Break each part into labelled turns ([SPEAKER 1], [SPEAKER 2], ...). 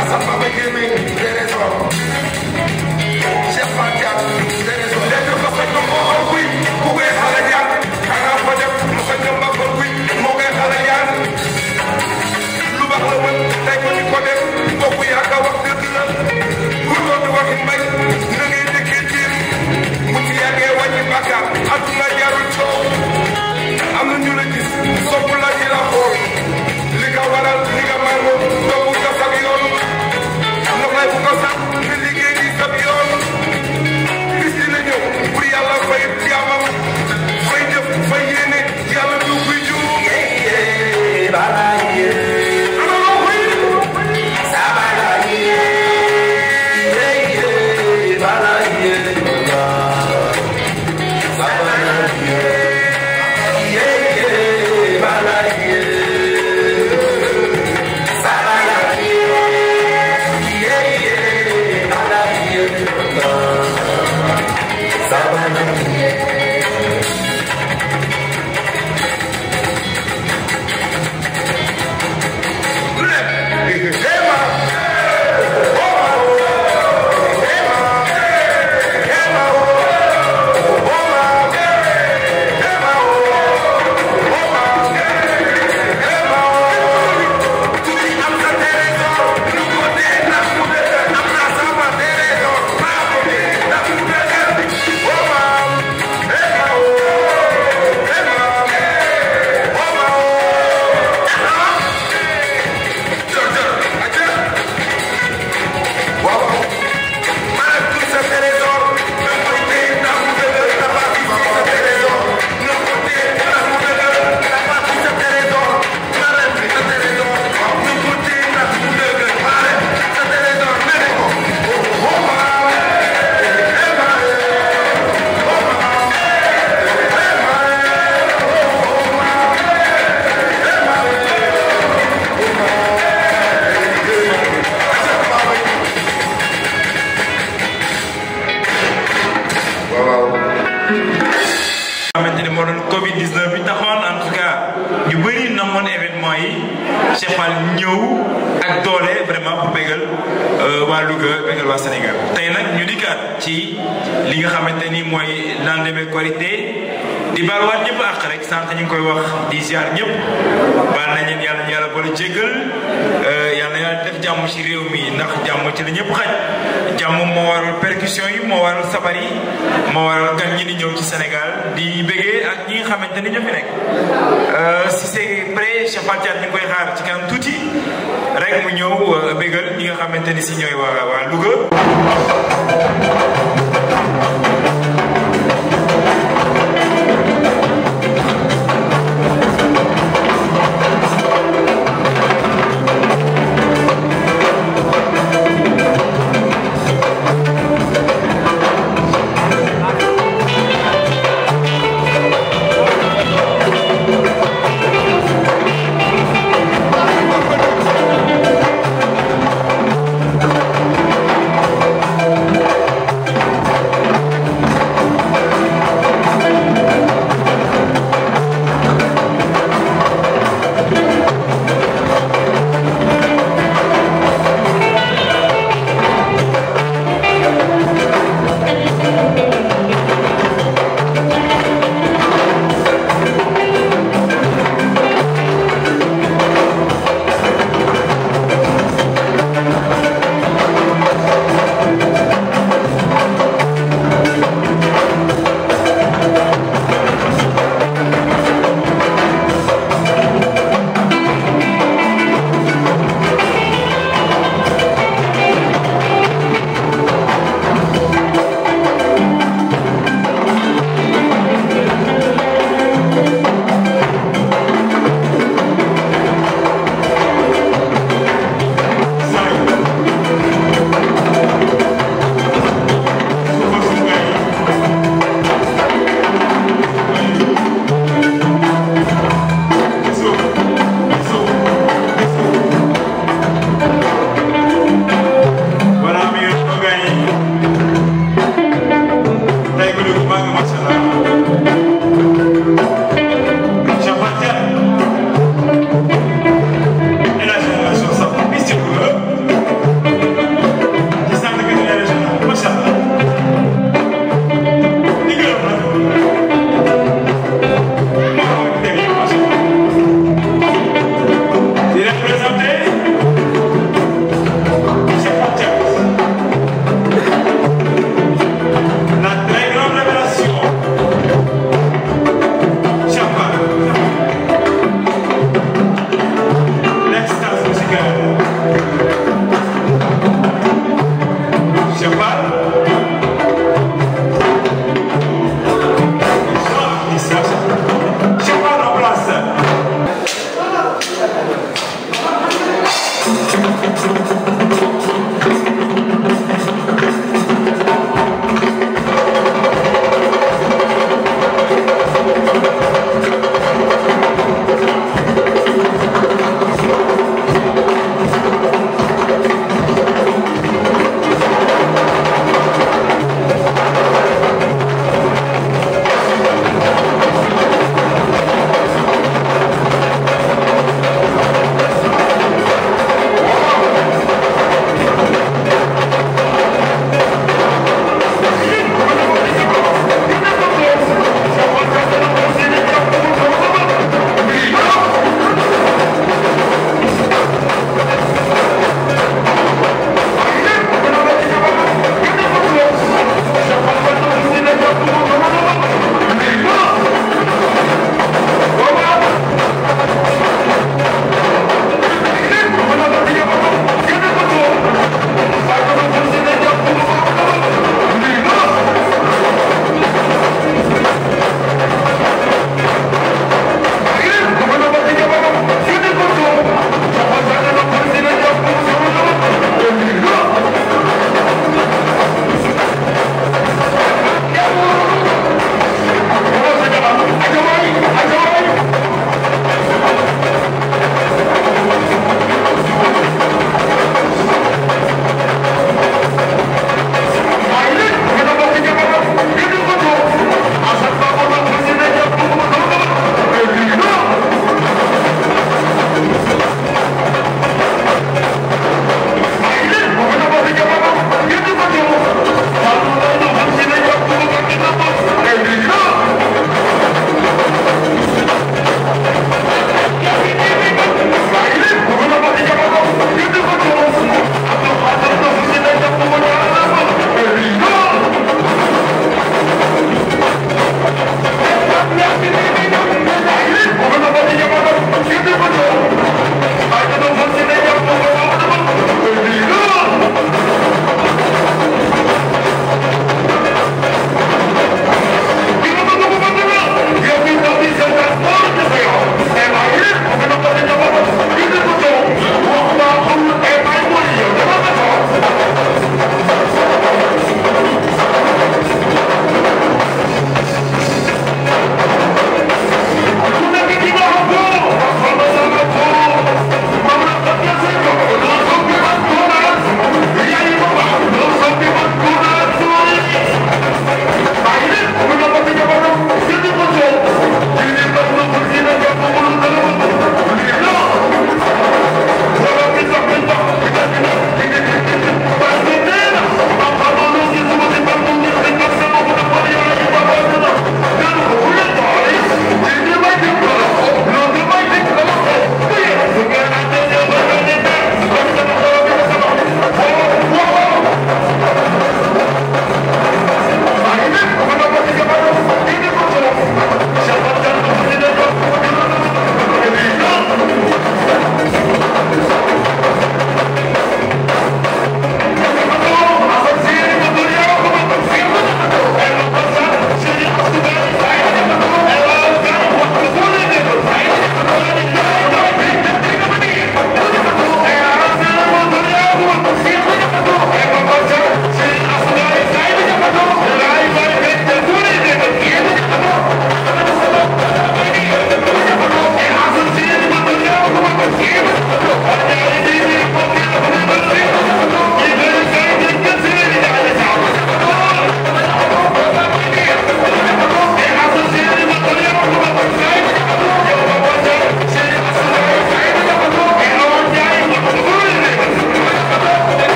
[SPEAKER 1] Asal sampai kini, there is all. Siapa yang ñooy waa waa Louga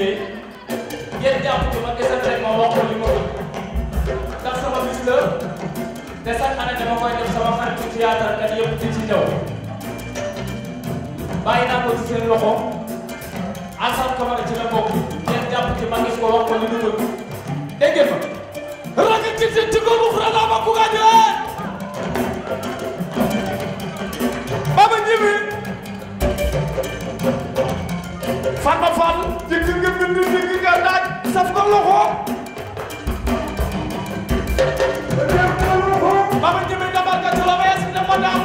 [SPEAKER 1] ñëwee ngeen jàpp ko ma desal rek ma wax ko li ma bëgg ndax sama bis la desal année dama koy def sama xarit ci théâtre kat yëpp di ci ñëw bàyyi naa ko ci seen loxo Alassane Camara ci la bokk ngeen jàpp ci ma gis ko wax ko li ma bëgg dégg nga ma. Farba Fall jëkkër nga bind jëkkër nga daaj saf ko loxo Mama jëme dabal ka ci loxo yasin dafa daam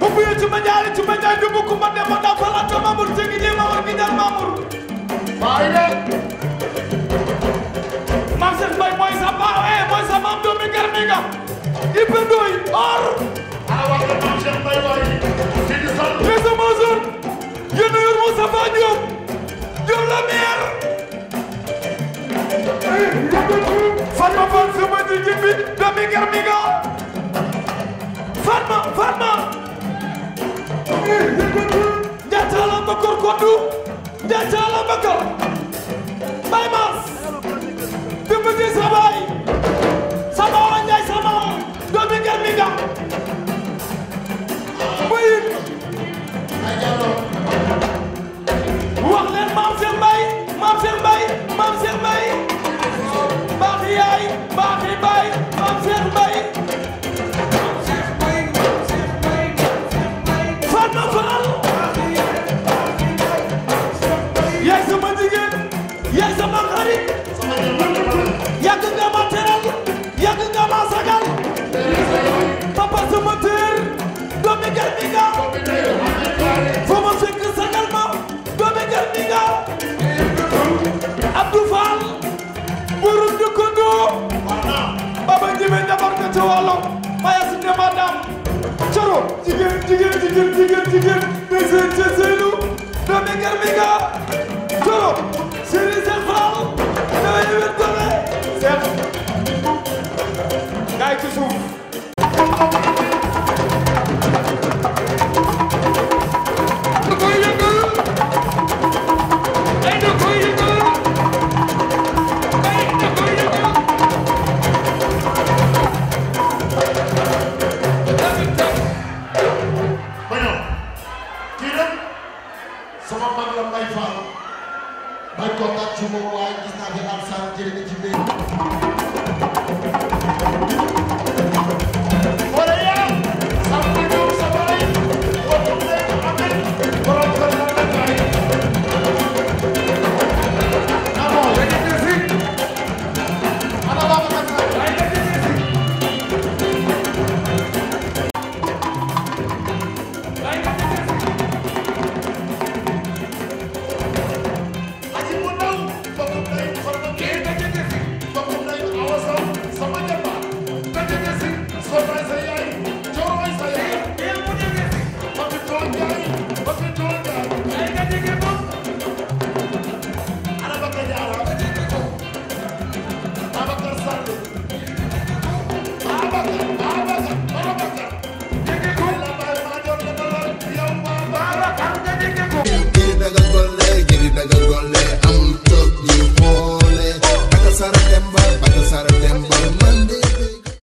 [SPEAKER 1] bu ci ma jaari ci ma jaay dubu ku ma dem ma Mamour Mamour Mam sa baaw eh mooy sa maam doomi garmi nga or Njataala Bakar Koddu Njataala Bakar Baye Mass jigéen jigéen jigéen mais seen ca Seynu doomi Garminga solo Seyni Seex Faal dama yewet doole Seex gaay ci suuf